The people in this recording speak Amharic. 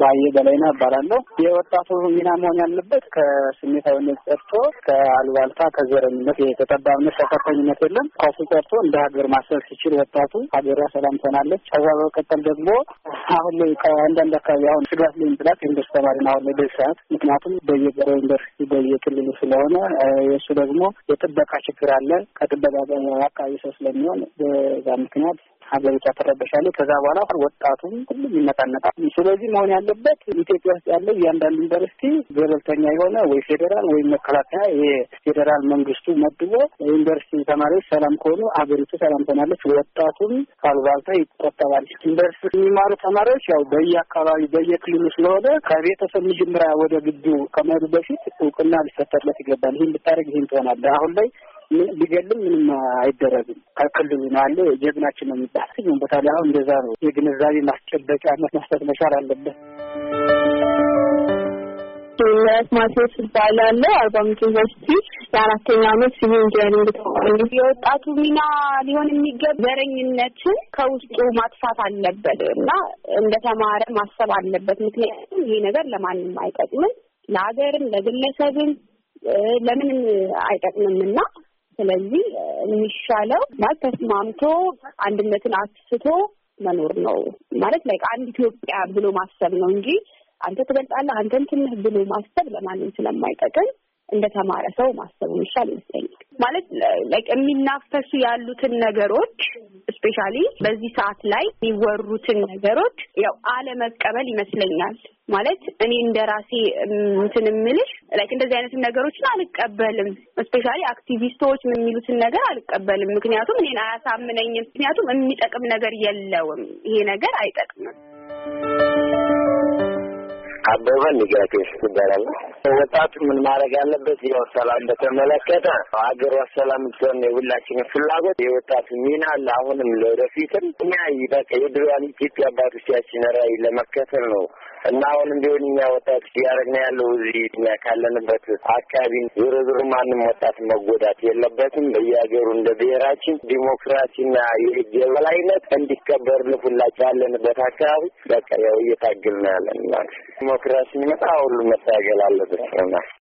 ባየ በላይና እባላለሁ። የወጣቱ ሚና መሆን ያለበት ከስሜታዊነት ጠርቶ ከአልባልታ ከዘረኝነት የተጠባብነት ተከታኝነት የለም ከሱ ጠርቶ እንደ ሀገር ማሰብ ሲችል ወጣቱ ሀገሯ ሰላም ትሆናለች። ከዛ በመቀጠል ደግሞ አሁን ላይ ከአንዳንድ አካባቢ አሁን ስጋት ላይ ምጥላት ዩኒቨርስቲ ተማሪ አሁን ላይ በዚህ ሰዓት ምክንያቱም በየገረ ዩኒቨርሲቲ በየክልሉ ስለሆነ የእሱ ደግሞ የጥበቃ ችግር አለ ከጥበቃ አካባቢ ሰው ስለሚሆን በዛ ምክንያት ሀገሪቷ ትረበሻለች። ከዛ በኋላ ወጣቱም ሁሉም ይነቃነቃል። ስለዚህ መሆን ያለበት ኢትዮጵያ ውስጥ ያለ እያንዳንዱ ዩኒቨርሲቲ ገለልተኛ የሆነ ወይ ፌዴራል ወይም መከላከያ የፌዴራል መንግስቱ መድቦ ዩኒቨርሲቲ ተማሪዎች ሰላም ከሆኑ ሀገሪቱ ሰላም ትሆናለች። ወጣቱም ካልባልታ ይቆጠባል። ዩኒቨርሲቲ የሚማሩ ተማሪዎች ያው በየአካባቢ በየክልሉ ስለሆነ ከቤተሰብ መጀመሪያ ወደ ግቢው ከመሄዱ በፊት እውቅና ሊሰጠለት ይገባል። ይህን ብታደርግ ይህን ትሆናለህ። አሁን ላይ ሊገልም ምንም አይደረግም። ከክልሉ ነው ያለ ጀግናችን ነው የሚባል ሁም ቦታ ላይ አሁን እንደዛ ነው። የግንዛቤ ማስጨበጫ መስጠት መቻል አለበት። ነት ማሴት እባላለሁ። አርባ ምንጭ ዩኒቨርሲቲ የአራተኛ አመት ሲቪል ኢንጂነሪንግ ተማሪ። የወጣቱ ሚና ሊሆን የሚገባ ዘረኝነትን ከውስጡ ማጥፋት አለበት እና እንደ ተማረ ማሰብ አለበት። ምክንያቱም ይሄ ነገር ለማንም አይጠቅምም፣ ለሀገርም፣ ለግለሰብም ለምንም አይጠቅምም እና ስለዚህ የሚሻለው ማለት ተስማምቶ አንድነትን አስፍቶ መኖር ነው ማለት ላይ አንድ ኢትዮጵያ ብሎ ማሰብ ነው እንጂ አንተ ትበልጣለህ አንተን ትንህ ብሎ ማሰብ ለማንም ስለማይጠቅም እንደ ተማረ ሰው ማሰብ ይሻል ይመስለኛል። ማለት የሚናፈሱ ያሉትን ነገሮች ስፔሻሊ በዚህ ሰዓት ላይ የሚወሩትን ነገሮች ያው አለመቀበል ይመስለኛል። ማለት እኔ እንደ ራሴ እንትን እምልሽ ላይክ እንደዚህ አይነትን ነገሮችን አልቀበልም። ስፔሻሊ አክቲቪስቶች የሚሉትን ነገር አልቀበልም። ምክንያቱም እኔን አያሳምነኝም። ምክንያቱም የሚጠቅም ነገር የለውም። ይሄ ነገር አይጠቅምም። አበበ ንጋቴሽ ይባላል። ወጣቱ ምን ማድረግ አለበት? ያው ሰላም በተመለከተ ሀገር ሰላም እንድትሆን የሁላችን ፍላጎት የወጣቱ ሚና አለ። አሁንም ለወደፊትም እኛ በቃ የድሮዋን ኢትዮጵያ አባቶቻችን ራዕይ ለመከተል ነው እና አሁንም ቢሆን እኛ ወጣቶች እያደረግን ያለው እዚህ እኛ ካለንበት አካባቢ ዞሮ ዞሮ ማንም ወጣት መጎዳት የለበትም። በየሀገሩ እንደ ብሔራችን ዲሞክራሲና የህግ የበላይነት እንዲከበር ሁላችን ያለንበት አካባቢ በቃ ያው እየታገልን ነው ያለን ማለት ዲሞክራሲ ይመጣ ሁሉም መታገል አለበት ነው